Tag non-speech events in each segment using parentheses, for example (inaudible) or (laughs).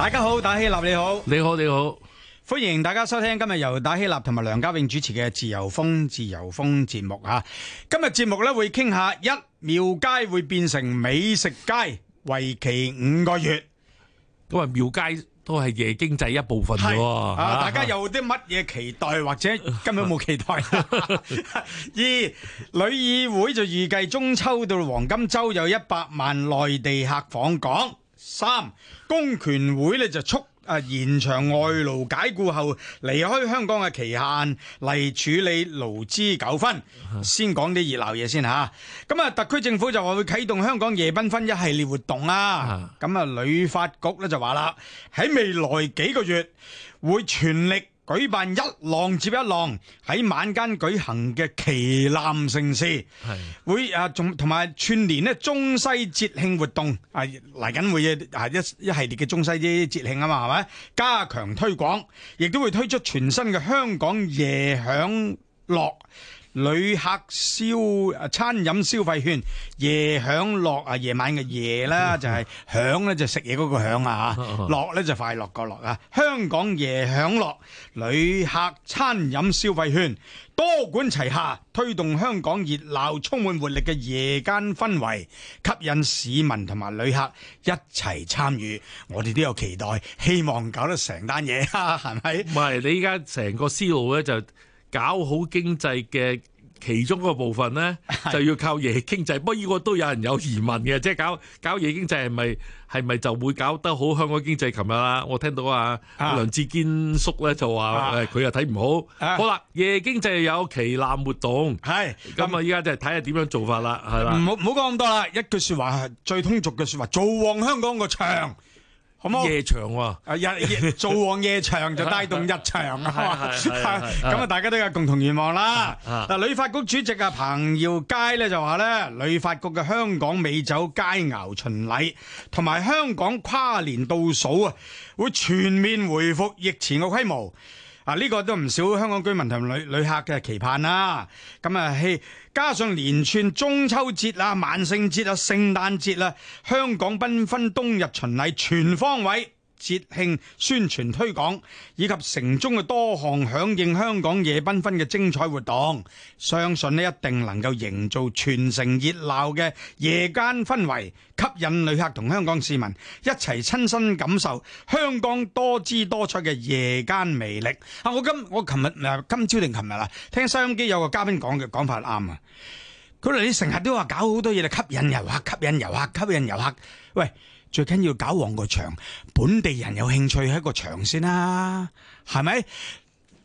大家好，打希立你好，你好你好，歡迎大家收聽今日由打希立同埋梁家永主持嘅自由風自由風節目啊！今日節目咧會傾下一廟街會變成美食街，為期五個月。都係廟街都係夜經濟一部分嘅喎。啊，大家有啲乜嘢期待，或者今日冇期待？二旅議會就預計中秋到黃金周有一百萬內地客訪港。三公權會咧就促啊延長外勞解僱後離開香港嘅期限嚟處理勞資糾紛，嗯、先講啲熱鬧嘢先吓。咁啊，特區政府就話會啟動香港夜繽紛一系列活動啦。咁、嗯、啊，旅、嗯、發局咧就話啦，喺未來幾個月會全力。舉辦一浪接一浪喺晚間舉行嘅旗艦盛事，係會誒仲同埋串連咧中西節慶活動，啊嚟緊會啊一一系列嘅中西啲節慶啊嘛，係咪？加強推廣，亦都會推出全新嘅香港夜享樂。旅客餐飲消餐飲消費圈夜享樂啊，夜晚嘅夜啦， (laughs) 就係享呢，就是、食嘢嗰個享啊吓，樂呢就快樂個樂啊！香港夜享樂旅客餐飲消費圈多管齊下，推動香港熱鬧，充滿活力嘅夜間氛圍，吸引市民同埋旅客一齊參與。我哋都有期待，希望搞得成單嘢啊，係咪？唔係你而家成個思路咧就。搞好經濟嘅其中嗰個部分咧，就要靠夜經濟。的不過依個都有人有疑問嘅，即係搞搞夜經濟係咪係咪就會搞得好香港經濟？琴日啦，我聽到啊的梁志堅叔咧就話誒，佢又睇唔好。的好啦，夜經濟有旗艦活動，係咁啊！依家就係睇下點樣做法啦，係啦。唔好唔好講咁多啦，一句説話係最通俗嘅説話，做旺香港個場。好，好夜場長喎、啊，日做旺夜場就帶動日場啊， (laughs) 咁啊， (laughs) 大家都有共同願望啦。嗱，旅發、嗯、局主席啊彭耀佳咧就話咧，旅發局嘅香港美酒佳肴巡禮同埋香港跨年倒數啊，會全面回復疫前嘅規模。呢個都唔少香港居民同旅旅客嘅期盼啦。咁啊，加上連串中秋節啊、萬聖節啊、聖誕節啊，香港繽紛冬日巡禮全方位節慶宣傳推廣以及城中嘅多項響應香港夜繽紛嘅精彩活動，相信呢一定能夠營造全城熱鬧嘅夜間氛圍，吸引旅客同香港市民一齊親身感受香港多姿多彩嘅夜間魅力。啊！我今我琴日今朝定琴日啦，聽收音機有個嘉賓講嘅講法啱啊！佢哋成日都話搞好多嘢嚟，吸引遊客、吸引遊客、吸引遊客、吸引遊客，喂！最緊要搞旺個場，本地人有興趣喺個場先啦，啊，係咪？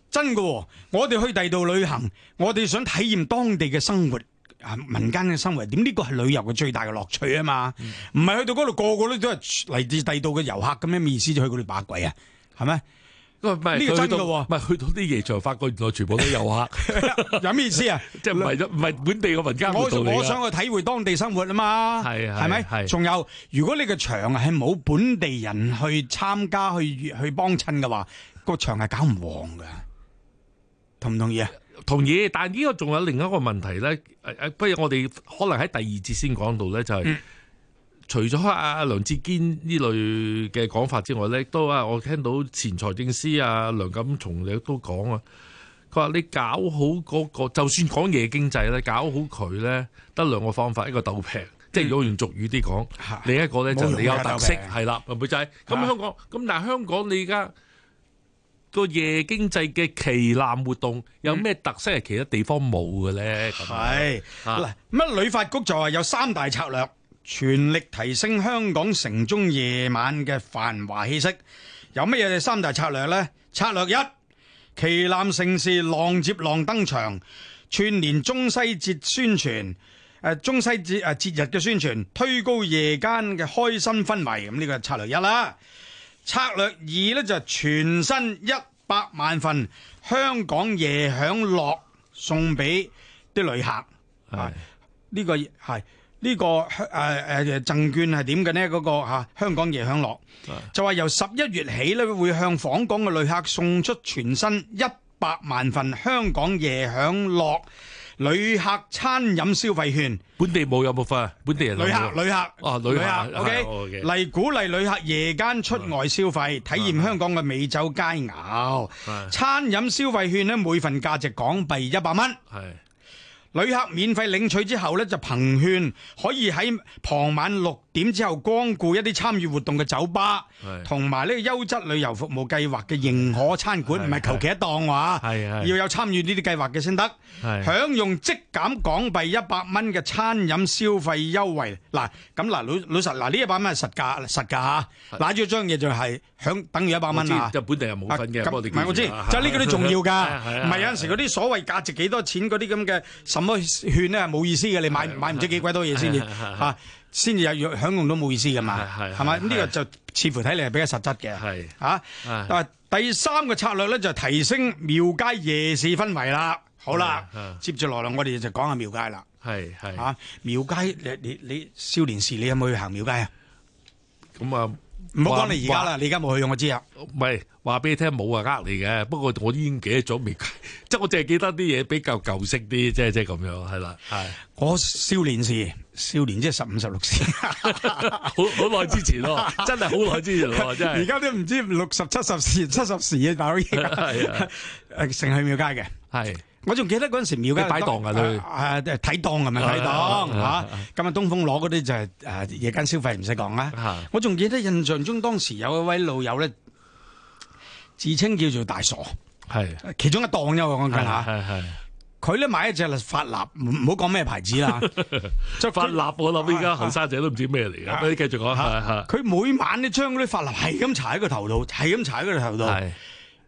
真噶，哦，我哋去第度旅行，我哋想體驗當地嘅生活，民間嘅生活，點呢個係旅遊嘅最大嘅樂趣啊嘛，唔係，嗯、去到嗰度個個都都係嚟自第度嘅遊客咁樣意思，就去嗰度把鬼啊，係咪？唔係呢個真嘅喎，唔係去到啲現場發覺原來全部都遊客，有咩意思啊？即係唔係本地嘅民間嘅道理啦？我想去體會當地生活啊嘛，係係咪？仲有，如果你個場係冇本地人去參加去去幫襯嘅話，個場係搞唔旺嘅，同唔同意啊？同意，但係呢個仲有另一個問題咧，不如我哋可能喺第二節先講到咧，就係。除咗阿阿梁志堅呢類嘅講法之外咧，都啊我聽到前財政司啊梁錦松亦都講啊，佢話你搞好嗰、嗰個，就算講夜經濟咧，搞好佢咧，得兩個方法，嗯、一個鬥平，即係如果用俗語啲講，嗯、另一個咧就是你有特色，係啦，係咪就咁？香港咁，但係香港你而家個夜經濟嘅旗艦活動、嗯、有咩特色係其他地方冇嘅咧？係嗱的，乜旅發局就話有三大策略。全力提升香港城中夜晚嘅繁華氣息，有乜嘢三大策略呢？策略一，旗艦城市浪接浪登場，串聯中西節宣傳，誒中西節誒節日嘅宣傳，推高夜間嘅開心氛圍。咁呢個係策略一啦。策略二咧就全新一百萬份香港夜享樂送俾啲旅客，係呢是、這個係。呢個香誒誒證券係點嘅呢？嗰個嚇香港夜享樂就話由十一月起呢，會向訪港嘅旅客送出全新一百萬份香港夜享樂旅客餐飲消費券。本地冇有部分？本地人旅客旅客，哦，旅客 OK，嚟鼓勵旅客夜間出外消費，體驗香港嘅美酒佳餚。餐飲消費券呢，每份價值港幣一百蚊。係。旅客免費領取之後咧，就憑券可以喺傍晚六點之後光顧一啲參與活動嘅酒吧，同埋呢個優質旅遊服務計劃嘅認可餐館，唔係求其一檔係啊，要有參與呢啲計劃嘅先得，享用即減港幣一百蚊嘅餐飲消費優惠。嗱，咁，嗱老老實，嗱呢一百蚊係實價，實價吓，嗱，仲有張嘢就係響，等於一百蚊啦，就本地人冇份嘅。唔係，我知，就係呢個都重要㗎。唔係有陣時嗰啲所謂價值幾多錢啲咁嘅咁勸咧冇意思嘅，你買買唔知幾鬼多嘢先至，吓先至又享用都冇意思噶嘛，係嘛？咁呢個就似乎睇嚟係比較實質嘅，係吓。嗱，第三個策略咧就提升廟街夜市氛圍啦。好啦，接住落嚟，我哋就講下廟街啦。係係吓廟街，你你你少年時你有冇去行廟街啊？咁啊。唔好講你而家啦，說你而家冇去用我。我知啊。唔係話俾你聽冇啊，呃你嘅。不過我已經記得咗未？即係我淨係記得啲嘢比較舊式啲，即係即係咁樣，係啦。係我少年時，少年即係十五十六時，好好耐之前咯，真係好耐之前咯，真係。而家 (laughs) 都唔知六十七十時，七十時嘅就可以。係啊，成係廟街嘅，係 (laughs) 是的。 (laughs) 我仲記得嗰陣時廟嘅擺檔啊，佢睇檔係咪睇檔嚇咁啊，東風攞嗰啲就係夜間消費唔使講啦。我仲記得印象中當時有一位老友咧，自稱叫做大傻，其中一檔有個講緊。佢咧買一隻髮蠟，唔好講咩牌子啦，即係髮蠟。我諗依家後生仔都唔知咩嚟嘅？你繼續講。佢每晚將嗰啲髮蠟係咁踩喺個頭度，係咁踩喺個頭度。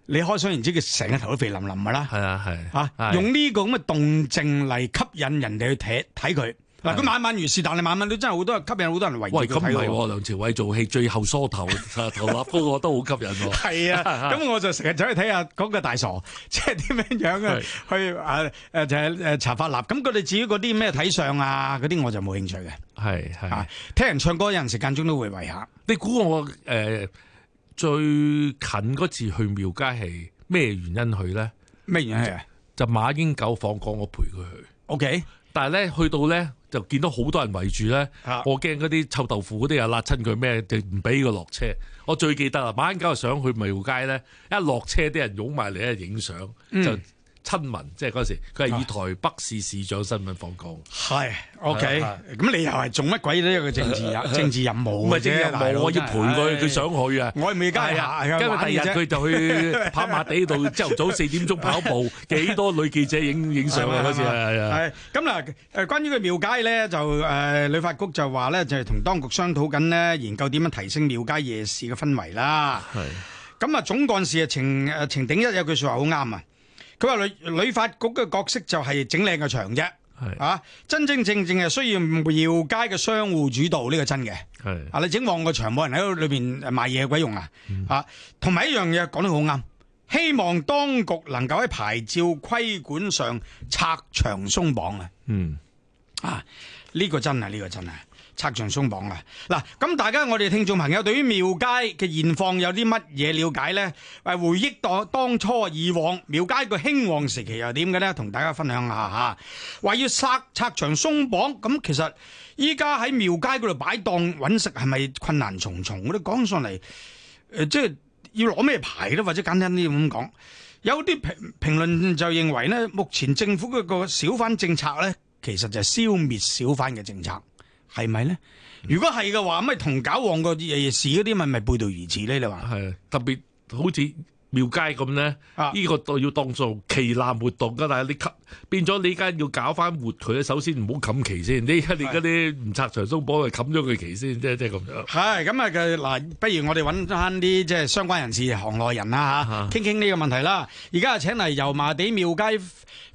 你開想然之佢成個頭都肥淋淋咪啦，係啊係嚇，係啊係啊、用呢個咁嘅動靜嚟吸引人哋去睇睇佢嗱，佢晚、啊、晚如是，但晚你晚晚都真係好多人吸引好多人圍睇。喂，咁唔係梁朝偉做戲最後梳頭 (laughs) 頭頭髮我都好吸引喎。啊，咁、啊、哈我就成日走去睇下嗰個大傻，即係點樣樣啊，去啊誒就係誒查法律。咁佢哋至於嗰啲咩睇相啊嗰啲，我就冇興趣嘅。係係、啊，啊、聽人唱歌有陣時間中都會圍下。你估我誒？欸最近嗰次去廟街係咩原因去咧？咩原因？就馬英九訪港，我陪佢去 Okay?。OK，但係咧去到咧就見到好多人圍住咧，啊、我驚嗰啲臭豆腐嗰啲又辣親佢咩，就唔俾佢落車。我最記得啊，馬英九就想去廟街咧，一落車啲人擁埋嚟咧影相就。親民，即係嗰時，佢係以台北市市長身份報告。係，OK，咁你又係做乜鬼呢？一個政治任政治任務嘅。唔係政治任務，我要陪佢，佢想去啊。我未跟下，今日第二日佢就去跑馬地度，朝早四點鐘跑步，幾多女記者影影相啊？嗰時啊，係啊。係咁嗱，誒，關於佢廟街咧，就誒旅發局就話咧，就係同當局商討緊咧，研究點樣提升廟街夜市嘅氛圍啦。係。咁啊，總幹事啊，程誒程鼎一有句説話好啱啊。佢話旅旅發局嘅角色就係整靚個場啫，係是的 啊，真真正正係需要廟街嘅商戶主導呢、這個真嘅，係是的 啊，你整旺個場，冇人喺度裏邊賣嘢，鬼用啊，嗯、啊，同埋一樣嘢講得好啱，希望當局能夠喺牌照規管上拆牆鬆綁啊，嗯，啊，呢、這個真係，呢、這個真係。拆牆鬆綁啦！嗱、啊，咁、啊、大家我哋聽眾朋友對於廟街嘅現況有啲乜嘢了解呢？誒，回憶當當初以往廟街個興旺時期又點嘅呢？同大家分享一下吓，話、啊、要拆拆牆鬆綁，咁其實依家喺廟街嗰度擺檔搵食係咪困難重重？我哋講上嚟誒、呃，即係要攞咩牌咧？或者簡單啲咁講，有啲評評論就認為呢，目前政府嗰個小販政策呢，其實就係消滅小販嘅政策。係咪咧？如果係嘅話，咁咪同搞旺個夜市嗰啲，咪咪背道而馳咧？你話特別好似廟街咁咧，呢、啊、個要當做旗艦活動噶。但係你冚變咗，你而家要搞翻活佢咧，首先唔好冚旗先。你而家啲唔拆牆鬆綁，咪冚咗佢旗先，即係即係咁樣。係咁啊！嗱，不如我哋揾翻啲即係相關人士、行內人啦吓，傾傾呢個問題啦。而家請嚟油麻地廟街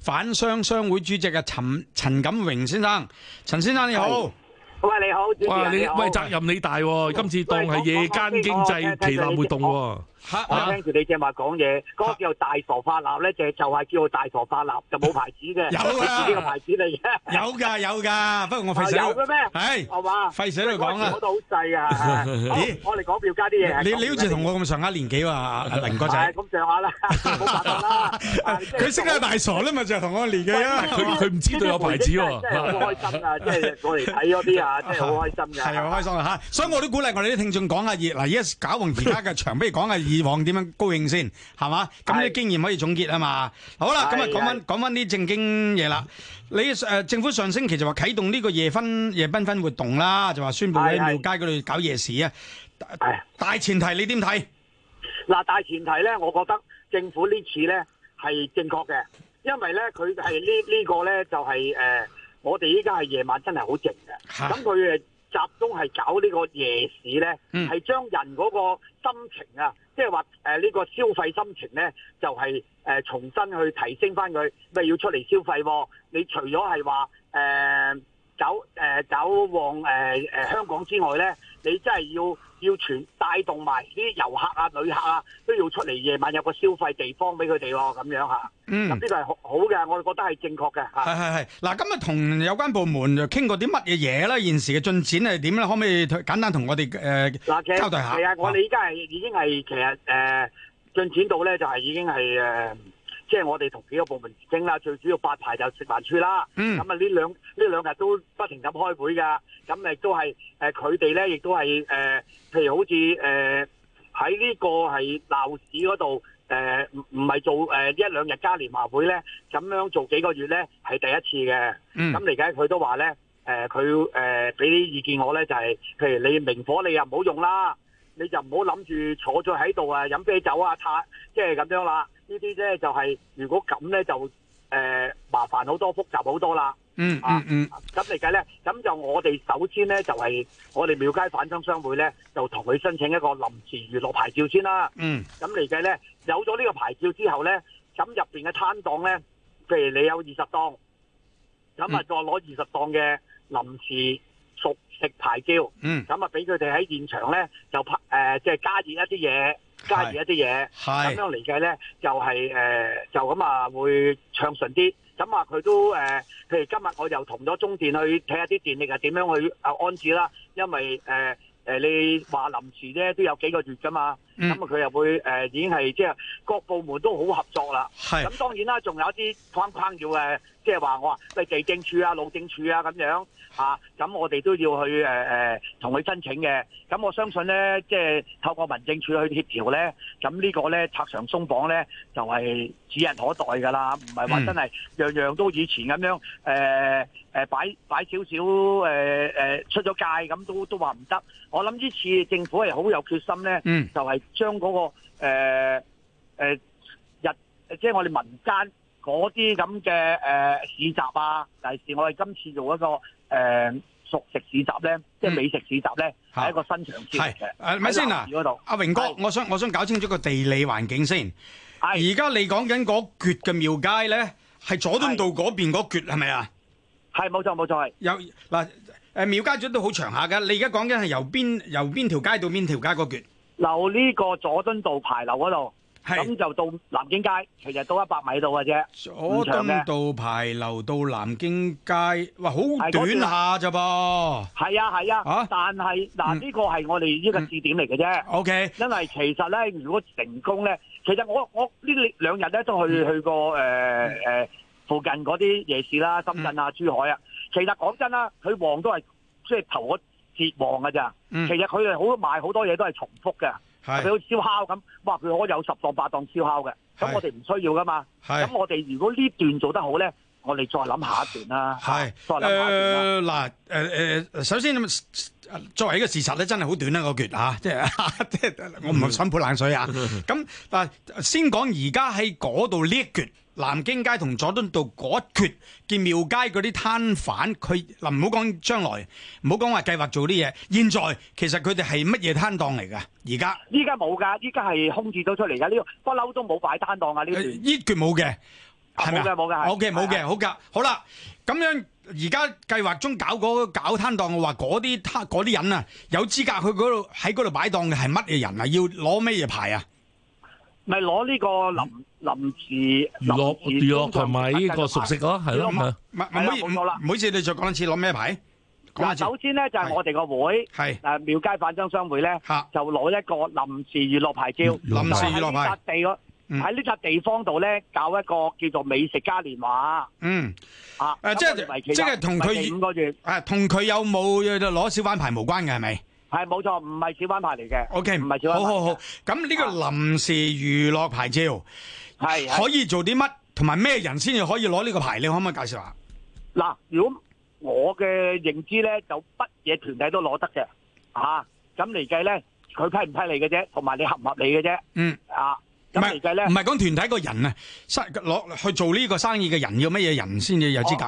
販商商會主席嘅陳陳，陳錦榮先生。陳先生你好。好喂，你好哇，你好，喂，責任你大喎，今次當係夜間經濟旗艦活動喎。我聽住你正話講嘢，嗰個叫大傻發納咧，就就係叫大傻發納，就冇牌子嘅。有啦，自己個牌子嚟嘅。有㗎有㗎，不過我費事。有嘅咩？費事講啦。攞到好細啊。咦？我嚟講票加啲嘢。你你好似同我咁上下年紀啊，阿林哥仔。咁上下啦，冇辦法啦。佢識得大傻啦嘛，就同我年紀啊。佢佢唔知道有牌子喎。真係好開心啊！即係過嚟睇嗰啲啊，真係好開心㗎。係又開心啦嚇！所以我都鼓勵我哋啲聽眾講下熱。嗱，而家搞完而家嘅場，不如講下熱。以往點樣高興先係嘛？咁呢啲經驗可以總結啊嘛。的好啦，咁啊講翻講翻啲正經嘢啦。你誒、呃、政府上星期就話啟動呢個夜繽夜繽紛活動啦，就話宣佈喺廟街嗰度搞夜市啊的、呃。大前提，你點睇？嗱、啊，大前提咧，我覺得政府呢次咧係正確嘅，因為咧佢係呢呢個咧就係誒，我哋依家係夜晚真係好靜嘅，咁佢誒。集中係搞呢個夜市咧，係將人嗰個心情啊，即係話誒呢個消費心情咧，就係、是、誒、呃、重新去提升翻佢，咩要出嚟消費喎、啊？你除咗係話誒。呃走誒、呃、走往誒誒、呃、香港之外咧，你真係要要全帶動埋啲遊客啊、旅、呃、客啊，都要出嚟夜晚有個消費地方俾佢哋喎，咁樣嚇。嗯，咁呢個係好嘅，我哋覺得係正確嘅嚇。係係係，嗱，今日同有關部門就傾過啲乜嘢嘢咧？現時嘅進展係點咧？可唔可以簡單同我哋誒、呃、其實交代下？係啊，我哋依家係已經係其實誒、呃、進展到咧，就係已經係誒。呃即係我哋同幾個部門傾啦，最主要發牌就食環署啦。咁啊、嗯，呢兩呢兩日都不停咁開會噶，咁亦都係誒佢哋咧，亦、呃、都係誒、呃，譬如好似誒喺呢個係鬧市嗰度誒，唔、呃、係做誒、呃、一兩日嘉年華會咧，咁樣做幾個月咧係第一次嘅。咁嚟緊佢都話咧，誒佢誒俾啲意見我咧，就係、是、譬如你明火你又唔好用啦，你就唔好諗住坐咗喺度啊，飲啤酒啊，擦即係咁樣啦。呢啲咧就係、是、如果咁咧就誒、呃、麻煩好多複雜好多啦、嗯。嗯嗯，咁嚟計咧，咁就我哋首先咧就係、是、我哋廟街販商商會咧就同佢申請一個臨時娛樂牌照先啦。嗯，咁嚟計咧有咗呢個牌照之後咧，咁入邊嘅攤檔咧，譬如你有二十檔，咁啊再攞二十檔嘅臨時熟食牌照。嗯，咁啊俾佢哋喺現場咧就拍誒即係加熱一啲嘢。加熱一啲嘢，咁樣嚟計咧，就係、是、誒、呃，就咁啊會暢順啲。咁啊，佢都誒、呃，譬如今日我又同咗中電去睇下啲電力係，點樣去安置啦，因為誒。呃誒，你話臨時咧都有幾個月噶嘛，咁啊佢又會誒、呃、已經係即係各部門都好合作啦。係咁是當然啦，仲有一啲框框要誒，即係話我話，例如地政處啊、路政處啊咁樣啊，咁我哋都要去誒誒同佢申請嘅。咁我相信咧，即係透過民政處去協調咧，咁呢個咧拆牆鬆綁咧就係，指日可待噶啦，唔係話真係樣樣都以前咁樣誒誒、嗯呃、擺、擺少少誒、呃呃、出咗界咁都都話唔得。我諗呢次政府係好有決心咧、嗯那個呃，就係將嗰個誒日即係我哋民間嗰啲咁嘅誒市集啊、但是我哋今次做一個誒、呃、熟食市集咧，嗯、即係美食市集咧，係、啊、一個新嘗試。係咪先嗱，阿、啊啊、榮哥，是我想我想搞清楚個地理環境先。係而家你講緊嗰橛嘅廟街咧，係佐敦道嗰邊嗰橛係咪啊？係冇錯冇錯。係有嗱，誒、呃、廟街總都好長下噶。你而家講緊係由邊由邊條街到邊條街嗰橛？由呢個佐敦道牌樓嗰度，咁是就到南京街，其實到一百米度嘅啫。佐敦道牌樓到南京街，哇，好短下咋噃？係啊係啊，啊，啊。啊，但係嗱，呢個係我哋呢個試點嚟嘅啫。嗯、o、okay、K，因為其實咧，如果成功咧。其實我我這兩呢兩日咧都去去過誒誒、呃、附近嗰啲夜市啦，深圳啊、嗯、珠海啊。其實講真啦，佢旺都係即係頭嗰節旺噶咋。嗯、其實佢好多賣好多嘢都係重複嘅，佢好似燒烤咁，哇！佢可有十檔八檔燒烤嘅。咁我哋唔需要噶嘛。咁是我哋如果呢段做得好咧？我哋再諗下一段啦。係是，誒嗱，誒誒、呃呃呃，首先作為一個事實咧，真係好短啦個決啊，即係 (laughs) (laughs) 我唔係想潑冷水啊。咁嗱， (laughs) 先講而家喺嗰度呢一決，南京街同佐敦道嗰一決，見廟街嗰啲攤販，佢嗱唔好講將來，唔好講話計劃做啲嘢，現在其實佢哋係乜嘢攤檔嚟嘅？而家依家冇㗎，依家係空置咗出嚟㗎，呢個不嬲都冇擺攤檔啊，呢段呢、呃、段冇嘅。係咪啊？好嘅，冇嘅，好嘅，好嘅，好啦。咁樣而家計劃中搞嗰個搞攤檔嘅話，嗰啲攤嗰啲人啊，有資格去嗰度喺嗰度擺檔嘅係乜嘢人啊？要攞咩嘢牌啊？咪攞呢個臨臨時娛樂娛樂同埋呢個熟食咯，係咯。唔好唔好啦，唔好意思，你再講一次攞咩牌？首先咧就係我哋個會係誒廟街販商商會咧，就攞一個臨時娛樂牌照，臨時娛樂牌。地嗰。喺呢、嗯、個地方度咧，搞一個叫做美食嘉年華、啊。嗯，啊，即係即係同佢五個月，誒，同佢有冇攞小販牌無關嘅係咪？係，冇錯，唔係小販牌嚟嘅。O K，唔係小販牌。好好好，咁呢個臨時娛樂牌照係、啊、可以做啲乜？同埋咩人先至可以攞呢個牌？你可唔可以介紹下？嗱，如果我嘅認知咧，就乜嘢團體都攞得嘅，啊，咁嚟計咧，佢批唔批你嘅啫，同埋你合唔合理嘅啫。嗯，啊。唔係咧，唔係講團體個人啊，攞去做呢個生意嘅人要乜嘢人先至有資格？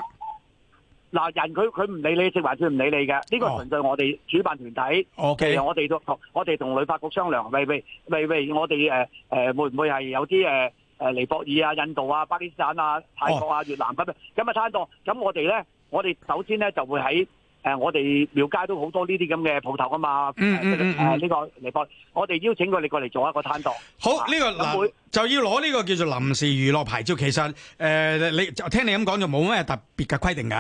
嗱、哦，人佢佢唔理你食還算唔理你嘅，呢、這個純粹我哋主辦團體。O K，、哦呃、我哋都我哋同旅發局商量，喂喂喂喂，我哋誒誒會唔會係有啲誒誒尼泊爾啊、印度啊、巴基斯坦啊、泰國啊、哦、越南咁樣咁嘅攤檔？咁我哋咧，我哋首先咧就會喺。誒，我哋廟街都好多呢啲咁嘅鋪頭噶嘛。嗯嗯嗯，誒呢個李波，我哋邀請佢哋過嚟做一個攤檔。好，呢個就要攞呢個叫做臨時娛樂牌照。其實誒，你聽你咁講就冇咩特別嘅規定噶，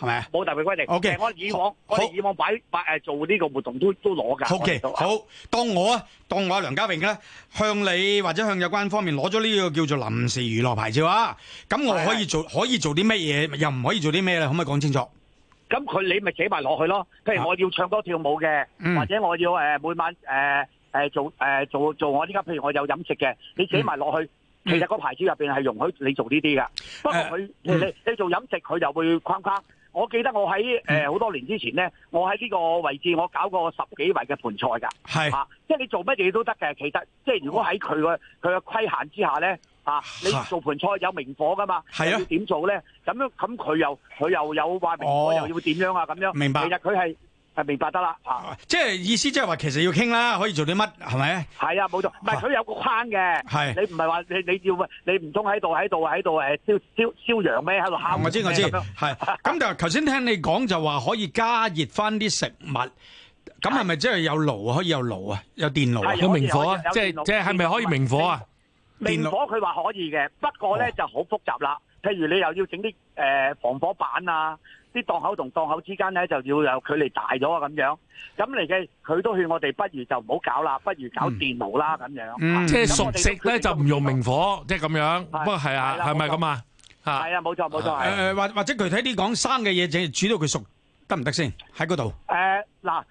係咪？冇特別規定。O K，我以往我哋以往擺擺誒做呢個活動都都攞噶。O K，好，當我啊當我阿梁家榮啊向你或者向有關方面攞咗呢個叫做臨時娛樂牌照啊，咁我可以做可以做啲乜嘢，又唔可以做啲咩咧？可唔可以講清楚？咁佢你咪寫埋落去咯，譬如我要唱歌跳舞嘅，嗯、或者我要每晚誒、呃、做、呃、做做我依家，譬如我有飲食嘅，你寫埋落去，嗯、其實個牌子入邊係容許你做呢啲噶。不過佢、嗯、你你做飲食佢就會框框。我記得我喺誒好多年之前咧，我喺呢個位置我搞過十幾圍嘅盤菜㗎是、啊，即係你做乜嘢都得嘅。其實即係如果喺佢嘅佢嘅規限之下咧。啊！你做盆菜有明火噶嘛？係啊，要點做咧？咁樣咁佢又佢又有話明火又要點樣啊？咁樣明白？其實佢係係明白得啦。啊，即係意思即係話其實要傾啦，可以做啲乜係咪？係啊，冇錯，唔係佢有個框嘅。係你唔係話你你要你唔通喺度喺度喺度誒燒燒燒羊咩喺度烤？我知我知，係咁就頭先聽你講就話可以加熱翻啲食物，咁係咪即係有爐可以有爐啊？有電爐有明火啊？即係即係係咪可以明火啊？明火佢話可以嘅，不過咧就好複雜啦。譬如你又要整啲誒防火板啊，啲檔口同檔口之間咧就要有距離大咗啊，咁樣。咁嚟嘅佢都勸我哋，不如就唔好搞啦，不如搞電爐啦，咁樣。即係熟食咧就唔用明火，即係咁樣。不過係啊，係咪咁啊？係啊，冇錯冇錯。誒，或或者具體啲講生嘅嘢，就煮到佢熟得唔得先？喺嗰度誒嗱，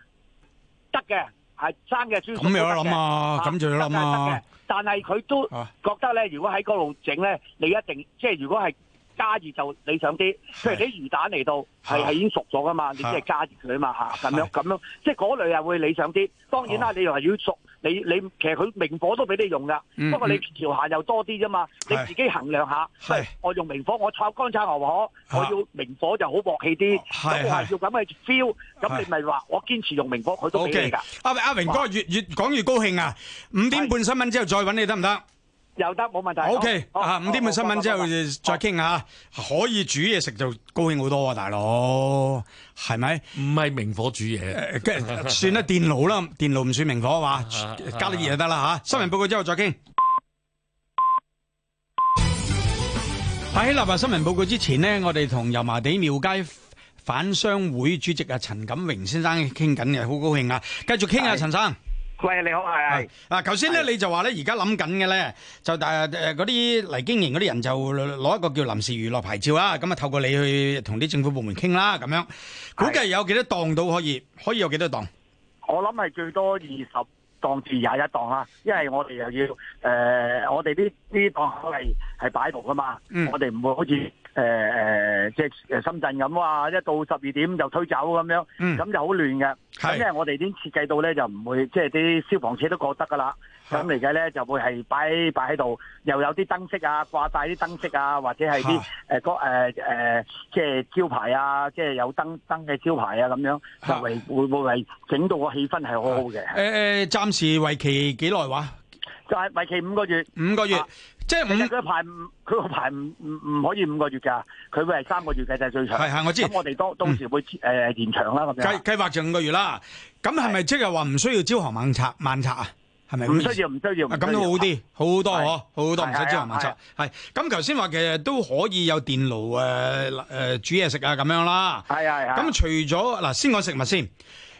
得嘅係生嘅煮。咁有得諗啊，咁就要諗啊。但係佢都覺得咧，如果喺嗰度整咧，你一定即係如果係。加熱就理想啲，譬如啲魚蛋嚟到，係係已經熟咗噶嘛，你只係加熱佢啊嘛，吓咁樣咁樣，即係嗰類係會理想啲。當然啦，你又係要熟，你你其實佢明火都俾你用噶，不過你條限又多啲啫嘛，你自己衡量下。係我用明火，我炒乾炒牛河，我要明火就好鑊氣啲。咁我係要嘅 feel，咁你咪話我堅持用明火，佢都俾你噶。阿阿榮哥越越講越高興啊！五點半新聞之後再搵你得唔得？又得冇問題。O K，啊，哦、五點半新聞之後再傾下，可以煮嘢食就高興好多，啊。大佬係咪？唔係明火煮嘢，誒， (laughs) 算啦，電爐啦，電爐唔算明火啊嘛， (laughs) 加啲嘢就得啦吓。 (laughs) 新聞報告之後再傾。喺立白新聞報告之前呢，我哋同油麻地廟街販商商會主席啊陳錦榮先生傾緊嘅，好高興啊！繼續傾啊，陳是生。喂，你好，係係、啊。嗱、啊，頭先咧你就話咧，而家諗緊嘅咧，就誒誒，嗰啲嚟經營嗰啲人就攞一個叫臨時娛樂牌照啊，咁啊透過你去同啲政府部門傾啦，咁樣估計有幾多檔到可以，啊、可以有幾多檔？我諗係最多二十檔至廿一檔啊，因為我哋又要誒、呃，我哋啲啲檔口係係擺渡噶嘛，嗯、我哋唔會好似。誒誒、呃，即係誒深圳咁啊一到十二點就推走咁樣，咁、嗯、就好亂嘅。咁是即係我哋已經設計到咧，就唔會即係啲消防車都過得噶啦。咁嚟嘅咧，就會係擺擺喺度，又有啲燈飾啊，掛晒啲燈飾啊，或者係啲誒個誒誒，即係招牌啊，即係有燈燈嘅招牌啊，咁樣就為會是會為整到個氣氛係好好嘅。誒、呃，暫、呃、時為期幾耐話？就係為期五個月。五個月。啊即係五日排，佢個排唔唔唔可以五個月噶，佢會係三個月計就最長。係係，我知。咁我哋當到時會誒、嗯呃、延長啦咁樣。計計劃五個月啦，咁係咪即係話唔需要朝行晚拆晚拆啊？係咪？唔需要，唔需要。咁都好啲，啊、好多嗬、啊，是好多唔使朝行晚拆。係咁、啊，頭先話其實都可以有電爐誒誒煮嘢食啊咁樣啦。係係係。咁、啊、除咗嗱，先講食物先。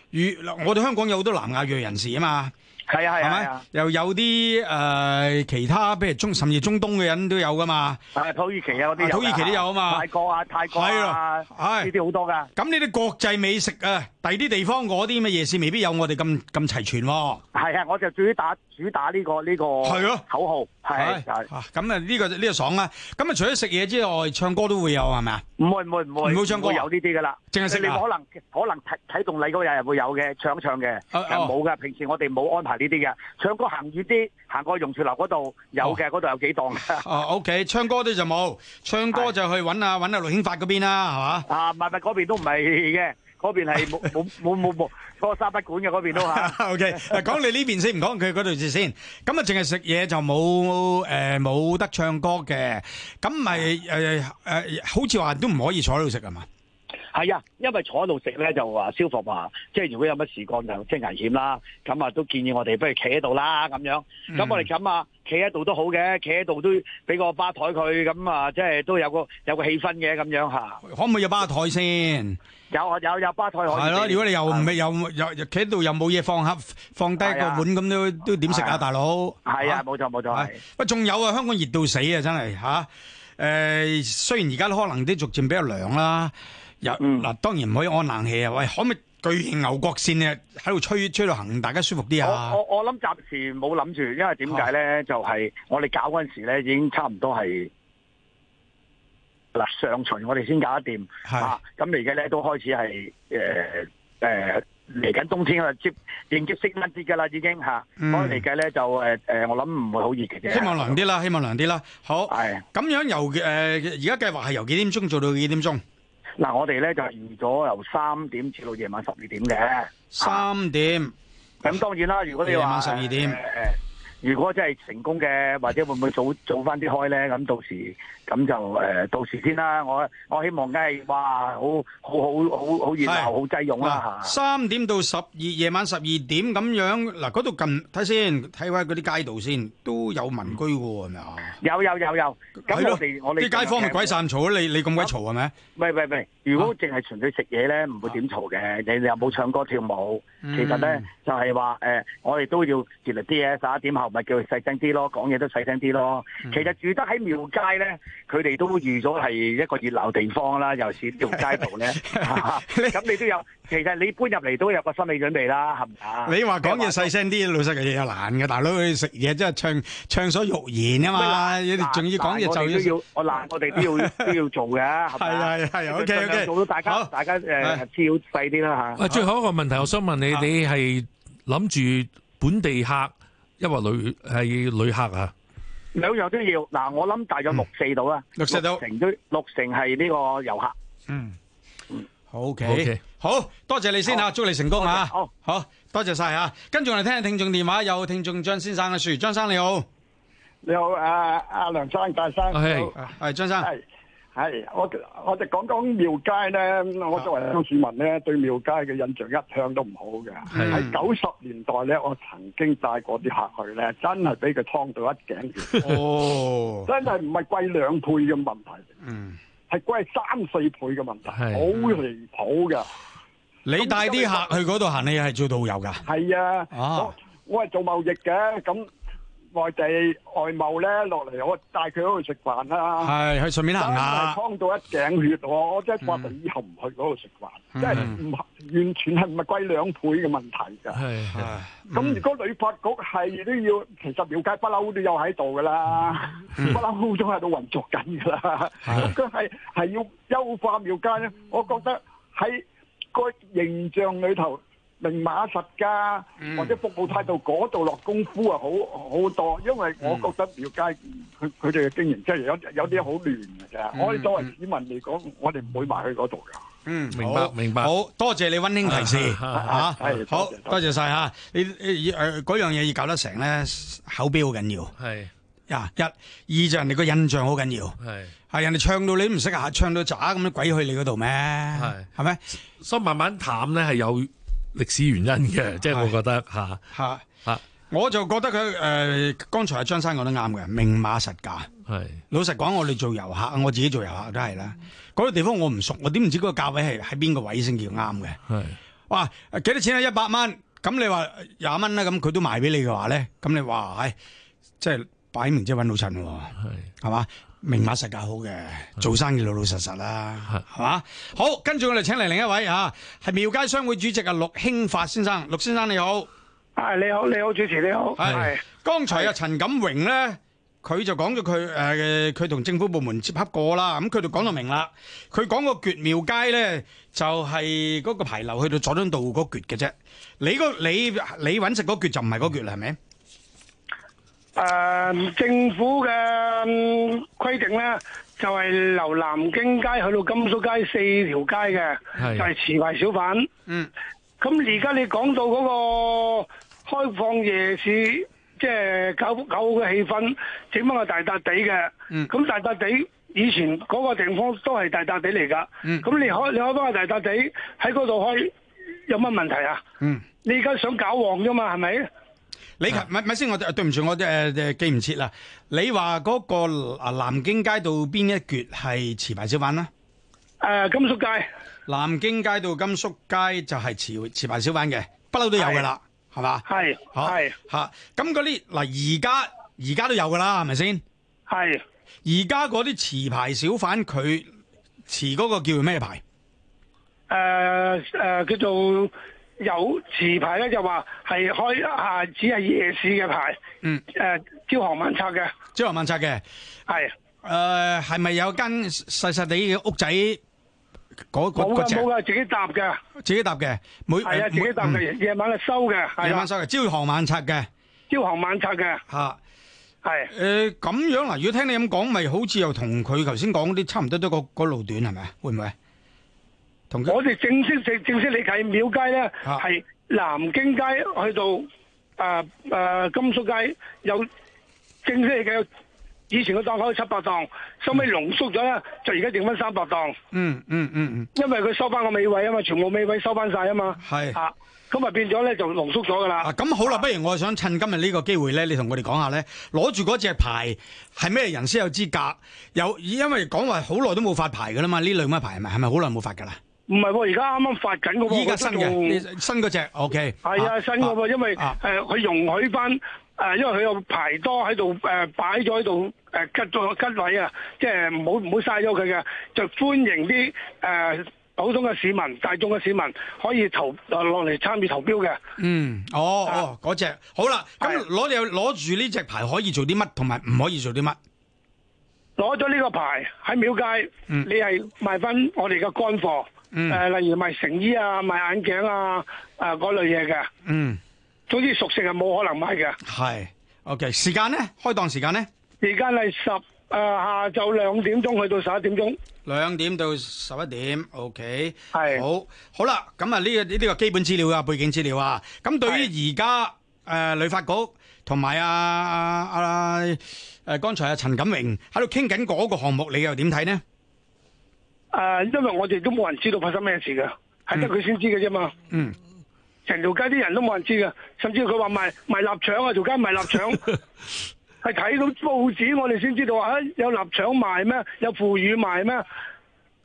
如我哋香港有好多南亞裔人士啊嘛。係啊係啊，又有啲誒其他，譬如中甚至中東嘅人都有噶嘛。係土耳其有啲，土耳其都有啊嘛。泰國啊，泰國啊，呢啲好多噶。咁呢啲國際美食啊，第二啲地方我啲咁嘅夜市未必有我哋咁咁齊全。係啊，我就主打主打呢個呢個口號。係啊，係。咁啊呢個呢個爽啦。咁啊除咗食嘢之外，唱歌都會有係咪啊？唔會唔會唔會。唔會唱歌有呢啲噶啦，淨係食。你可能可能睇睇凍禮嗰日係會有嘅，唱一唱嘅，係冇嘅。平時我哋冇安排。呢啲嘅唱歌行遠啲，行過榕樹樓嗰度有嘅，嗰度有幾檔。哦，O K，唱歌啲就冇，唱歌就去揾啊揾啊陸興發嗰邊啦，係嘛？啊，麥伯嗰邊都唔係嘅，嗰邊係冇冇冇冇冇坐三不管嘅嗰邊都嚇。O K，講你呢邊先，唔講佢嗰度住先。咁啊，淨係食嘢就冇誒，冇得唱歌嘅。咁咪誒誒，好似話都唔可以坐喺度食係嘛？係啊，因為坐喺度食咧，就話消防話，即係如果有乜事幹就即係危險啦。咁啊都建議我哋不如企喺度啦咁樣。咁、嗯、我哋咁啊，企喺度都好嘅，企喺度都俾個吧台佢，咁啊即係都有個有個氣氛嘅咁樣吓。可唔可以有吧台先？有啊，有有吧台可以。係咯，如果你又唔係的又又企喺度又冇嘢放下放低個碗咁的都都點食啊，是的大佬哥？係啊，冇錯冇錯。不過仲的有啊，香港熱到死啊，真係吓。誒、啊，雖然而家可能啲逐漸比較涼啦。嗱，嗯、當然唔可以按冷氣啊！喂，可唔可以巨型牛角扇咧喺度吹吹到行，大家舒服啲啊！我我我諗暫時冇諗住，因為點解咧？啊、就係我哋搞嗰陣時咧已經差唔多係嗱上旬，我哋先搞得掂嚇。咁嚟計咧都開始係誒誒嚟緊冬天啊，接迎接聖誕節噶啦已經嚇。咁嚟計咧就誒誒、呃，我諗唔會好熱嘅。希望涼啲啦，希望涼啲啦。好，咁是樣由誒而家計劃係由幾點鐘做到幾點鐘？嗱、啊，我哋咧就預咗由三點至到夜晚十二點嘅。三點，咁當然啦。如果你話夜晚十二點。呃如果真係成功嘅，或者會唔會早早翻啲開咧？咁到時咁就誒到時先啦。我我希望梗係哇，好好好好好熱鬧，好擠擁啦。三點到十二夜晚十二點咁樣嗱，嗰度近睇先，睇翻嗰啲街道先，都有民居嘅喎，係咪啊？有有有有，咁我哋我哋啲街坊咪鬼散嘈？你你咁鬼嘈係咪？唔係唔係唔係，如果淨係純粹食嘢咧，唔會點嘈嘅。你你哋有冇唱歌跳舞？其實咧就係話誒，我哋都要截嚟啲嘢，十一點後。咪叫佢細聲啲咯，講嘢都細聲啲咯。其實住得喺廟街咧，佢哋都預咗係一個熱鬧地方啦。又係廟街度咧，咁你都有。其實你搬入嚟都有個心理準備啦，係唔係啊？你話講嘢細聲啲，老實人又難嘅。大佬食嘢真係暢暢所欲言啊嘛。你仲要講嘢就要我難，我哋都要都要做嘅。係係係，OK OK。做到大家大家誒，少細啲啦嚇。啊，最後一個問題，我想問你，你係諗住本地客？因為旅係旅客啊，兩樣都要。嗱，我諗大約六四度啦、嗯，六四度成都六成係呢個遊客。嗯，okay. Okay. 好 k 好多謝你先吓、啊，oh. 祝你成功吓、啊，Okay . oh. 好多謝晒吓、啊。跟住我哋聽下聽眾電話，有聽眾張先生嘅樹，張生你好，你好啊阿梁生張生，係係張生。係，我我哋講講廟街咧，啊、我作為一個市民咧，對廟街嘅印象一向都唔好嘅。喺九十年代咧，我曾經帶過啲客去咧，真係俾佢劏到一頸血哦，真係唔係貴兩倍嘅問題，嗯，係貴三四倍嘅問題，好、嗯、離譜㗎！你帶啲客去嗰度行，你係做導遊㗎？係啊，啊我我係做貿易嘅，咁。外地外貿咧落嚟，我帶佢去食飯啦。係去順便行下。劏到一頸血，我真係發覺以後唔去嗰度食飯，真係唔完全係貴兩倍嘅問題㗎。係係。咁如果旅發局係都要，其實廟街不嬲都有喺度㗎啦，不嬲都喺度運作緊㗎啦。佢係係要優化廟街咧，我覺得喺個形象裏頭。明碼實價，或者服務態度嗰度落功夫啊，好好多。因為我覺得廟街佢佢哋嘅經營真係有有啲好亂嘅啫。我哋作為市民嚟講，我哋唔會買去嗰度噶。嗯，明白明白，好多謝你溫馨提示嚇嚇。係好多謝曬嚇。你你誒嗰樣嘢要搞得成咧，口碑好緊要係。啊，一二就人哋個印象好緊要係。係人哋唱到你都唔識下，唱到渣咁樣鬼去你嗰度咩？係係咪？所以慢慢淡咧係有。歷史原因嘅，即、就、係、是、我覺得嚇嚇嚇，啊、我就覺得佢誒、呃，剛才阿張生講得啱嘅，明碼實價。係是老實講，我哋做遊客，我自己做遊客都係啦。嗰、嗯、個地方我唔熟，我點唔知嗰個價位係喺邊個位先叫啱嘅？係是哇，幾多錢啊？一百蚊咁，咁你話廿蚊啦，咁佢都賣俾你嘅話咧，咁你話係、哎、即係擺明即係揾老襯喎，係係嘛？明碼實價好嘅，做生意老老實實啦，係嘛？好，跟住我哋請嚟另一位嚇，係廟街商會主席啊，陸興發先生，陸先生你好，係你好，你好，主持你好，係。剛才啊，陳錦榮咧，佢就講咗佢誒，佢同政府部門接洽過啦。咁佢就講到明啦，佢講個橛廟街咧，就係嗰個牌樓去到佐敦道嗰橛嘅啫。你個你你揾食嗰橛就唔係嗰橛啦，係咪？誒、呃，政府嘅規、嗯、定咧，就係、是、由南京街去到甘肅街四條街嘅，是的就係持牌小販。嗯，咁而家你講到嗰個開放夜市，即、就、係、是、搞搞好嘅氣氛，整翻個大笪地嘅。咁、嗯、大笪地以前嗰個地方都係大笪地嚟噶。咁、嗯、你開你開翻個大笪地喺嗰度開有乜問題啊？嗯，你而家想搞旺啫嘛，係咪？你咪咪先，我對唔住，我誒、呃、記唔切啦。你話嗰個啊南京街道邊一橛係持牌小販啦？誒，甘肅街，南京街道甘肅街就係持持牌小販嘅，不嬲都有噶啦，係嘛是？係吧，係吓咁嗰啲嗱，而家而家都有噶啦，係咪先？係，而家嗰啲持牌小販佢持嗰個叫做咩牌？誒誒，叫做。有持牌咧，就話係開吓只係夜市嘅牌，嗯，誒、呃，朝行晚拆嘅，朝行晚拆嘅，係是，誒、呃，係咪有間細細地嘅屋仔？嗰嗰嗰隻冇噶，自己搭嘅，自己搭嘅，每係啊，自己搭嘅，夜晚嚟收嘅，夜晚收嘅，朝行晚拆嘅，朝行晚拆嘅，吓、啊，係的，誒、呃，咁樣嗱，如果聽你咁講，咪好似又同佢頭先講啲差唔多都個路段係咪啊？會唔會？同我哋正式正正式你睇廟街咧，係、啊、南京街去到啊啊甘肅街有正式嘅。以前個檔口七百檔，收尾濃縮咗咧，就而家剩翻三百檔。嗯嗯嗯，因為佢收翻個尾位啊嘛，全部尾位收翻晒啊嘛。係是，咁啊就變咗咧就濃縮咗噶啦。咁、啊、好啦，不如我想趁今日呢個機會咧，你同我哋講下咧，攞住嗰隻牌係咩人先有資格？有因為講話好耐都冇發牌噶啦嘛，呢類嘅牌係咪係咪好耐冇發噶啦？唔係喎，而家啱啱發緊嘅喎，依家新嘅還新嗰隻，OK，係的啊，新嘅喎，因為誒佢、啊呃、容許翻誒，因為佢有牌多喺度誒擺咗喺度誒吉咗個吉位啊，即係唔好唔好嘥咗佢嘅，就歡迎啲誒、呃、普通嘅市民、大眾嘅市民可以投落嚟參與投標嘅。嗯，哦、啊、哦，嗰隻好啦，咁攞你又攞住呢隻牌可以做啲乜，同埋唔可以做啲乜？攞咗呢個牌喺廟街，嗯、你係賣翻我哋嘅乾貨。嗯，誒，例如賣成衣啊，賣眼鏡啊，誒，嗰類嘢嘅，嗯，總之熟食係冇可能買嘅。係，OK，時間咧，開檔時間咧，而家係十誒下晝兩點鐘去到十一點鐘，兩點到十一點，OK，係，好，好啦，咁啊呢個呢啲個基本資料啊，背景資料啊，咁對於而家誒旅發局同埋啊啊誒剛才阿陳錦榮喺度傾緊嗰個項目，你又點睇呢？誒、呃，因為我哋都冇人知道發生咩事㗎，係得佢先知嘅啫嘛。嗯，成條、嗯、街啲人都冇人知㗎，甚至佢話賣賣臘腸啊，條街賣臘腸，係睇 (laughs) 到報紙我哋先知道啊！有臘腸賣咩？有腐乳賣咩？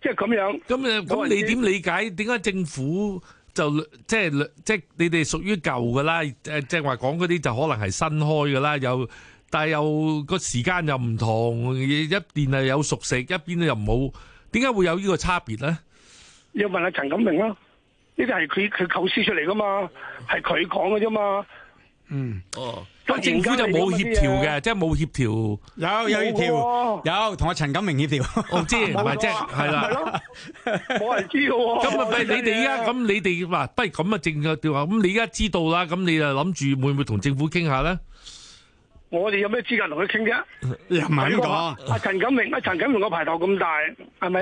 即係咁樣。咁、嗯、說你咁你點理解？點解政府就即係即係你哋屬於舊噶啦？即係話講嗰啲就可能係新開噶啦，有但又但係又個時間又唔同，一邊係有熟食，一邊咧又冇。點解會有呢個差別咧？要問阿陳錦榮啦，呢啲係佢佢構思出嚟噶嘛，係佢講嘅啫嘛。嗯，哦，咁政府就冇協調嘅，即係冇協調，啊、有有協調，有同阿陳錦榮協調，我知唔係即係啦，我係知嘅、啊。咁咪你哋依家咁，你哋不如咁啊？正嘅對話，咁你而家知道啦，咁你就諗住會唔會同政府傾下咧？我哋有咩資格同佢傾啫？又唔係呢個？阿陳錦榮，阿陳錦榮個牌頭咁大，係咪？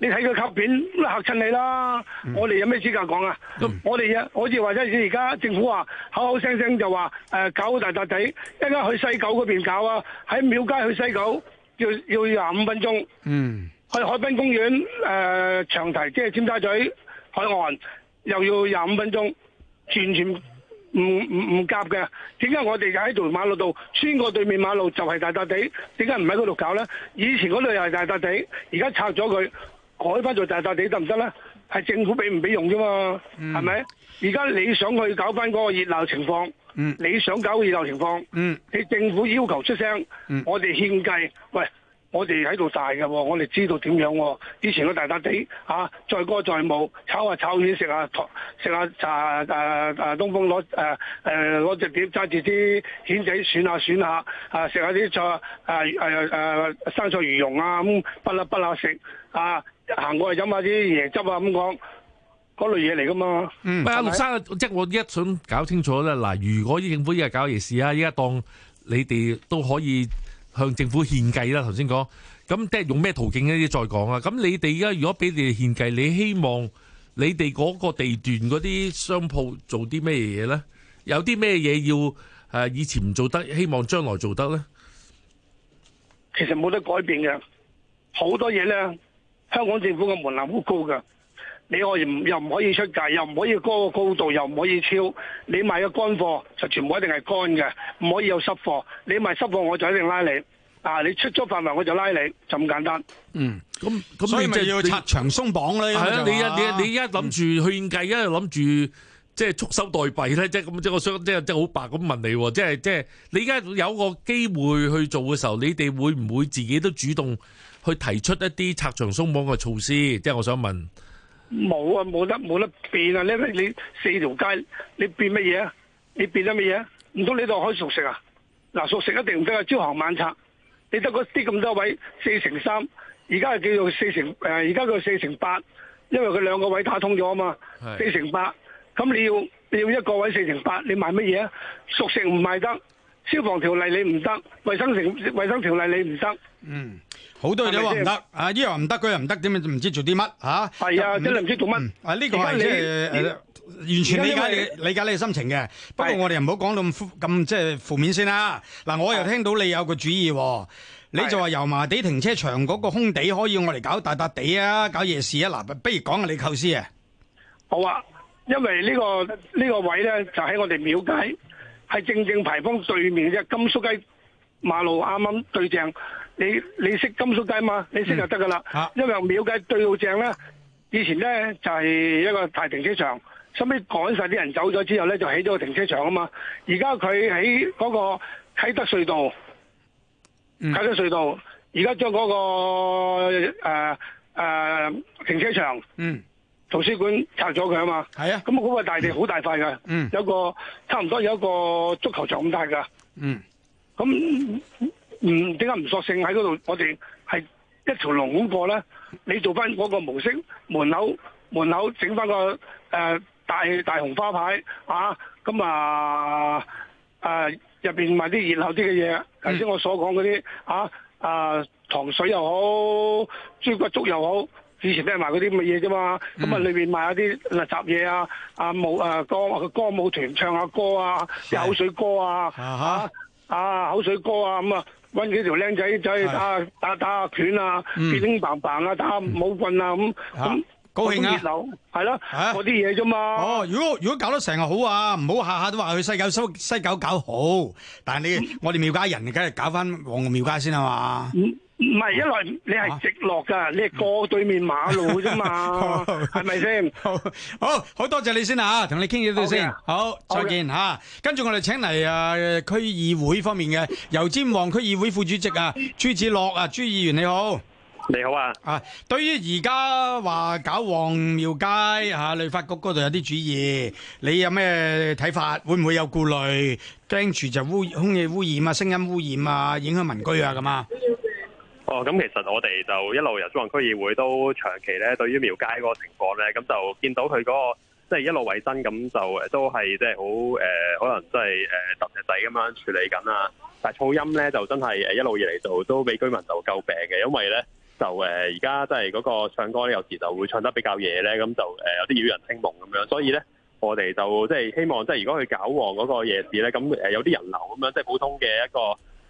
你睇佢 c 片都嚇親你啦！我哋有咩資格講啊？嗯、我哋啊、嗯，好似話齋，而家政府話口口聲聲就話誒、呃、搞大笪地，一陣去西九嗰邊搞啊，喺廟街去西九要要廿五分鐘，嗯，去海濱公園誒、呃、長堤，即係尖沙咀海岸，又要廿五分鐘，完全，全。唔唔唔夾嘅。點解我哋又喺條馬路度穿過對面馬路就係大笪地？點解唔喺嗰度搞呢？以前嗰度又係大笪地，而家拆咗佢，改翻做大笪地得唔得呢？係政府俾唔俾用啫嘛、啊？係咪、嗯？而家你想去搞翻嗰個熱鬧情況？嗯、你想搞個熱鬧情況？你、嗯、政府要求出聲，嗯、我哋獻計，喂。我哋喺度大嘅、哦，我哋知道點樣、哦。以前我大笪地嚇、啊，載歌載舞，炒下炒魚，食下食啊茶誒誒東風攞誒誒攞隻碟揸住啲蜆仔選下選下，啊食下啲菜，啊誒誒、啊啊、生菜魚蓉啊咁，不啦不啦食啊，行、啊、過去飲下啲椰汁啊咁講，嗰類嘢嚟噶嘛。唔係、嗯、啊，陸生，即係我一想搞清楚咧，嗱，如果政府依家搞夜市啊，依家當你哋都可以。向政府獻計啦，頭先講咁，即係用咩途徑咧？再講啊！咁你哋而家如果俾你哋獻計，你希望你哋嗰個地段嗰啲商鋪做啲咩嘢咧？有啲咩嘢要誒以前唔做得，希望將來做得咧？其實冇得改變嘅，好多嘢咧，香港政府嘅門檻好高㗎。你我唔又唔可以出界，又唔可以嗰高，高度，又唔可以超。你賣嘅乾貨就全部一定係乾嘅，唔可以有濕貨。你賣濕貨，我就一定拉你。啊，你出咗範圍，我就拉你，就咁簡單。嗯，咁咁，你就係、所以咪要拆牆鬆綁咧？係啊，你一你你一諗住勸計，一諗住即係束手待斃咧，即係咁即我想即係即係好白咁問你，即係即係你而家有個機會去做嘅時候，你哋會唔會自己都主動去提出一啲拆牆鬆綁嘅措施？即係我想問。冇啊，冇得冇得變啊！你你四條街，你變乜嘢啊？你變咗乜嘢啊？唔通你度可以熟食啊？嗱，熟食一定唔得，去朝行晚拆。你得嗰啲咁多位，四乘三，而家叫做四乘誒，而家佢四乘八，乘8，因為佢兩個位打通咗啊嘛，四乘八。咁你要你要一個位四乘八，你賣乜嘢啊？熟食唔賣得，消防條例你唔得，衛生城衛生條例你唔得。嗯。好多人都話唔得，啊呢樣唔得，佢又唔得，點解唔知做啲乜吓？係啊，即係你唔知做乜。啊呢個係即係完全理解你，你理解你嘅心情嘅。啊、不過我哋唔好講到咁咁即係負面先啦、啊。嗱、啊，我又聽到你有個主意、啊，啊、你就話油麻地停車場嗰個空地可以用我嚟搞大笪地啊，搞夜市啊。嗱，不如講下你構思啊。好啊，因為呢、這個呢、這個位咧就喺我哋廟街，係正正牌坊對面嘅甘肅街馬路啱啱對正。你你識甘肅街嘛？你，識，你識就得噶啦，嗯啊、因為廟街對好正咧。以前咧就係、是、一個大停車場，收尾趕晒啲人走咗之後咧就起咗個停車場啊嘛。而家佢喺嗰個啟德隧道，啟德隧道，而家將嗰個誒誒、呃呃、停車場，嗯，圖書館拆咗佢啊嘛。係啊，咁啊個大地好大塊㗎，嗯，有個差唔多有一個足球場咁大噶，嗯，咁。唔，點解唔索性喺嗰度？我哋係一條龍攞貨咧。你做翻嗰個模式，門口門口整翻個、呃、大大紅花牌啊！咁啊誒入、啊、面賣啲熱鬧啲嘅嘢，頭先我所講嗰啲、嗯、啊啊糖水又好，豬骨粥又好，以前都係賣嗰啲咁嘅嘢啫嘛。咁、嗯、啊，裏面賣一啲垃雜嘢啊啊舞啊，歌歌舞團唱下歌啊，有啲口水歌啊嚇、uh huh. 啊口水歌啊咁啊！搵幾條僆仔仔打、啊、打打下拳啊，乒乒乓乓啊，打下唔好瞓啊咁咁高興啊，係咯，嗰啲嘢啫嘛。啊啊、哦，如果如果搞得成日好啊，唔好下下都話去西九西九搞好，但係你、嗯、我哋廟街人梗係搞翻旺我廟街先啊嘛。嗯唔係，一來你係直落噶，啊、你係過對面馬路啫嘛，係咪先？是是好，好，多謝你先啊，同你傾咗對先。好，啊、好，再見吓。跟住行、啊、我哋請嚟啊區議會方面嘅油尖旺區議會副主席啊 (laughs) 朱子洛啊朱議員你好，你好啊。啊，對於而家話搞黃廟街啊旅發局嗰度有啲主意，你有咩睇法？會唔會有顧慮？驚住就污空氣污染啊，聲音污染啊，影響民居啊咁啊？哦，咁其實我哋就一路由中環區議會都長期咧，對於廟街嗰個情況咧，咁就見到佢嗰、那個即係一路衛生，咁就都係即係好可能即係誒特特仔咁樣處理緊啦，但係噪音咧就真係一路以嚟就都俾居民就詬病嘅。因為咧就誒而家即係嗰個唱歌咧，有時就會唱得比較夜咧，咁就有啲擾人清夢咁樣，所以咧我哋就即係希望即係如果佢搞旺嗰個夜市咧，咁有啲人流咁樣，即、就、係、是、普通嘅一個。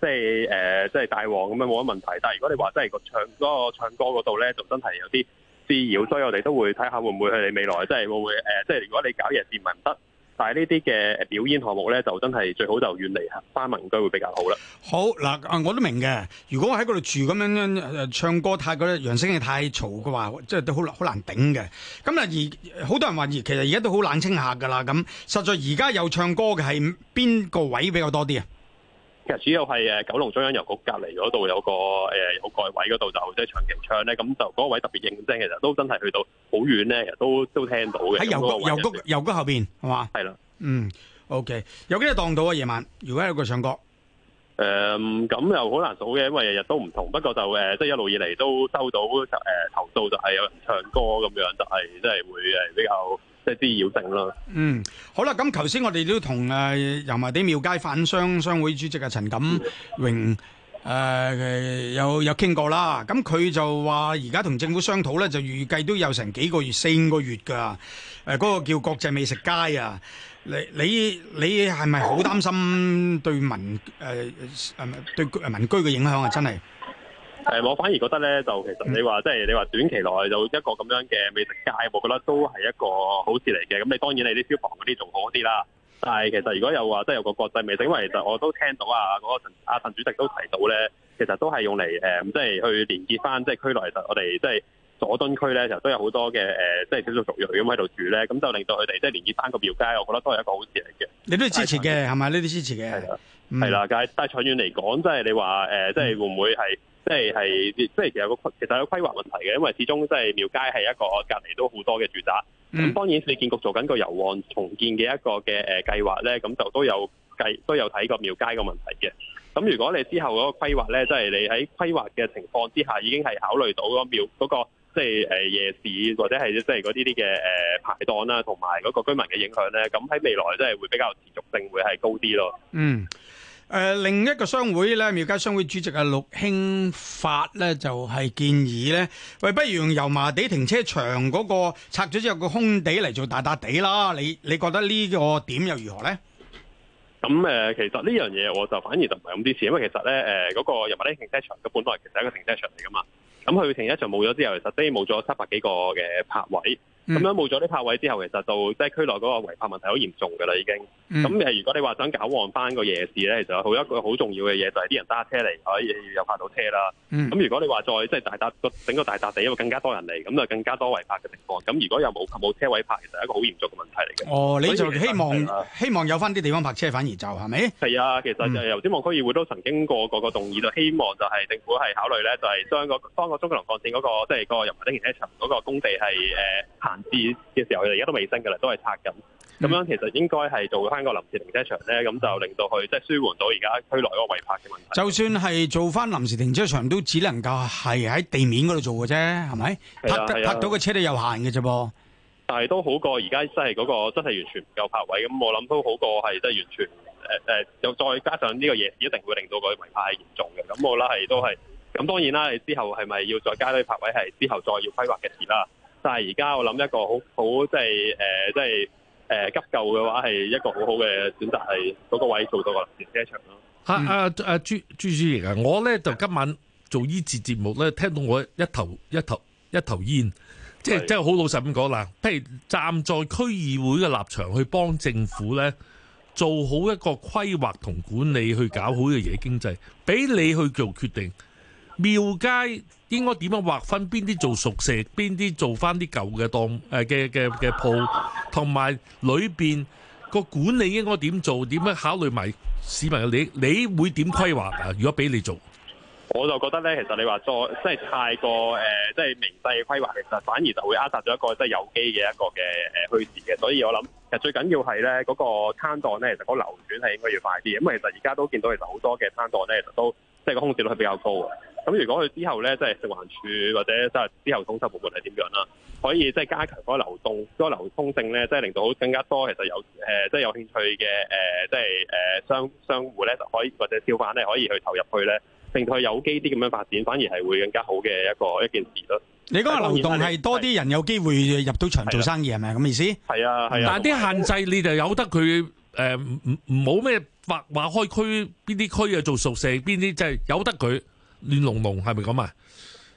即係誒、呃，即係大王咁樣，冇乜問題。但係如果你話真係個唱、嗰個唱歌嗰度咧，就真係有啲滋擾，所以我哋都會睇下會唔會喺未來，即係會唔會誒，即係如果你搞嘢掂唔得，但係呢啲嘅表演項目咧，就真係最好就遠離返民居會比較好啦。好嗱，我都明嘅。如果我喺嗰度住咁樣，誒、呃，唱歌太嗰啲，揚聲器太嘈嘅話，即係都好難好難頂嘅。咁啊，而好多人話而其實而家都好冷清下噶啦。咁實在而家有唱歌嘅係邊個位比較多啲啊？其實主要係誒九龍中央郵局隔籬嗰度有個誒有蓋位嗰度就即係長期唱咧，咁就嗰個位特別應聲，其實都真係去到好遠咧，都都聽到嘅。喺郵局郵局郵局後邊係嘛？係啦，嗯，OK，有幾多檔到啊？夜晚如果有個唱歌誒，咁又好難數嘅，因為日日都唔同。不過就誒，即係一路以嚟都收到誒投訴，就係有人唱歌咁樣，就係即係會誒比較。即係啲擾政咯。嗯，好啦，咁頭先我哋都同誒油麻地廟街販商商會主席啊陳錦榮誒、呃呃、有有傾過啦。咁佢就話而家同政府商討咧，就預計都有成幾個月四五個月㗎。誒、呃，嗰、嗰個叫國際美食街啊，你你你係咪好擔心對民誒誒、呃、對民居嘅影響啊？真係。呃、我反而覺得咧，就其實你話即係你話短期內有一個咁樣嘅美食街，我覺得都係一個好事嚟嘅。咁你當然你啲消防嗰啲仲好啲啦。但係其實如果有話即係有個國際美食，因為其實我都聽到啊，嗰個陳、阿陳主席都提到咧，其實都係用嚟、嗯、即係去連結翻即係區內，其實我哋即係佐敦區咧，其實都有好多嘅、呃、即係少數族裔咁喺度住咧，咁就令到佢哋即係連結翻個廟街，我覺得都係一個好事嚟嘅。你都支持嘅係咪？呢啲支持嘅係啦，係啦、嗯。但係、啊、但長遠嚟講、即係呃，即係你話即係會唔會係？嗯即係係，即係其實有個其實有個規劃問題嘅，因為始終即係廟街係一個隔籬都好多嘅住宅。咁當然，市建局做緊個油旺重建嘅一個嘅誒、呃、計劃咧，咁就都有計都有睇過廟街個問題嘅。咁如果你之後嗰個規劃咧，即、就、係、是、你喺規劃嘅情況之下已經係考慮到嗰廟嗰個即係誒夜市或者係即係嗰啲啲嘅誒排檔啦、啊，同埋嗰個居民嘅影響咧，咁喺未來即係會比較持續性會係高啲咯。嗯。誒、呃，另一個商會咧，廟街商會主席阿陸興發咧，就係、是、建議咧，喂，不如用油麻地停車場嗰個拆咗之後個空地嚟做大笪地啦。你你覺得呢個點又如何咧？咁誒、嗯呃，其實呢樣嘢我就反而就唔係咁啲事，因為其實咧，誒、呃，嗰、那個油麻地停車場嘅本嚟其實係一個停車場嚟噶嘛。咁、嗯、佢停車場冇咗之後，其實都冇咗七百幾個嘅泊位。咁、嗯、樣冇咗啲泊位之後，其實就即係區內嗰個違泊問題好嚴重嘅啦，已經。咁誒，如果你話想搞旺翻個夜市咧，其實好一個好重要嘅嘢，就係啲人揸車嚟可以又拍到車啦。咁、嗯、如果你話再即係就係、是、搭整個大笪地，因為更加多人嚟，咁就更加多違泊嘅情況。咁如果又有冇冇車位泊，其實係一個好嚴重嘅問題嚟嘅。哦，你就希望，就希，望希望有翻啲地方泊車，反而就係咪？係啊，其實就係油尖旺區議會都曾經過過個動議啦，希望就係政府係考慮咧，就係、是、將、那個當中幹、那個中九龍幹線嗰個即係個油麻地汽車站嗰個工地係誒、呃、行。嘅時候，佢哋而家都未升㗎喇，都係拆緊。咁、嗯、樣其實應該係做翻個臨時停車場咧，咁就令到佢即係舒緩到而家區內嗰個違泊嘅問題。就算係做翻臨時停車場，都只能夠係喺地面嗰度做嘅啫，係咪？係啊係啊、泊泊到個車都有限嘅啫噃。但係都好過而家真係嗰個真係完全唔夠泊位。咁我諗都好過係真係完全誒誒，又、呃呃、再加上呢個嘢，一定會令到個違泊係嚴重嘅。咁我啦係都係。咁當然啦，你之後係咪要再加啲泊位係之後再要規劃嘅事啦。但係而家我諗一個好好即係誒、呃、即係誒、呃、急救嘅話，係一個好好嘅選擇，係嗰個位做到個停車場咯。嚇、嗯！阿阿、啊啊、朱朱主席啊，我咧就今晚做呢節節節目咧，聽到我一頭一頭一頭煙，即係真係好老實咁講啦。譬如站在區議會嘅立場去幫政府咧做好一個規劃同管理，去搞好嘅嘢經濟，俾你去做決定。廟街應該點樣劃分？邊啲做熟食，邊啲做翻啲舊嘅檔？誒嘅嘅嘅鋪，同埋裏邊個管理應該點做？點樣考慮埋市民？你你會點規劃啊？如果俾你做，我就覺得咧，其實你話再即係太過誒、呃，即係明細嘅規劃，其實反而就會扼殺咗一個即係有機嘅一個嘅誒趨勢嘅。所以我諗其實最緊要係咧，嗰、那個攤檔咧，其實個流轉係應該要快啲，因為其實而家都見到其實好多嘅攤檔咧，其實都即係個空置率係比較高嘅。咁如果佢之後咧，即係食環處或者即係之後統籌部門係點樣啦？可以即係加強嗰個流動、嗰個流通性咧，即係令到更加多其實有誒，即係有興趣嘅誒，即係誒商商戶咧，就可以或者小販咧，可以去投入去咧，令到佢有機啲咁樣發展，反而係會更加好嘅一個一件事咯。你講嘅流動係多啲人有機會入到場做生意，係咪咁意思？係啊，係啊。但係啲限制你就由得佢誒唔唔冇咩話劃開區邊啲區啊做熟食，邊啲即係由得佢。亂龍龍係咪咁啊？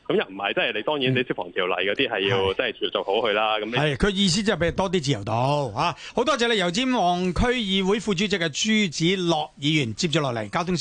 咁又唔係，即係你當然你消防條例啲係要即係做做好去啦。咁係佢意思即係俾多啲自由度吓！好多謝你，油尖旺區議會副主席嘅朱子樂議員接咗落嚟，交通。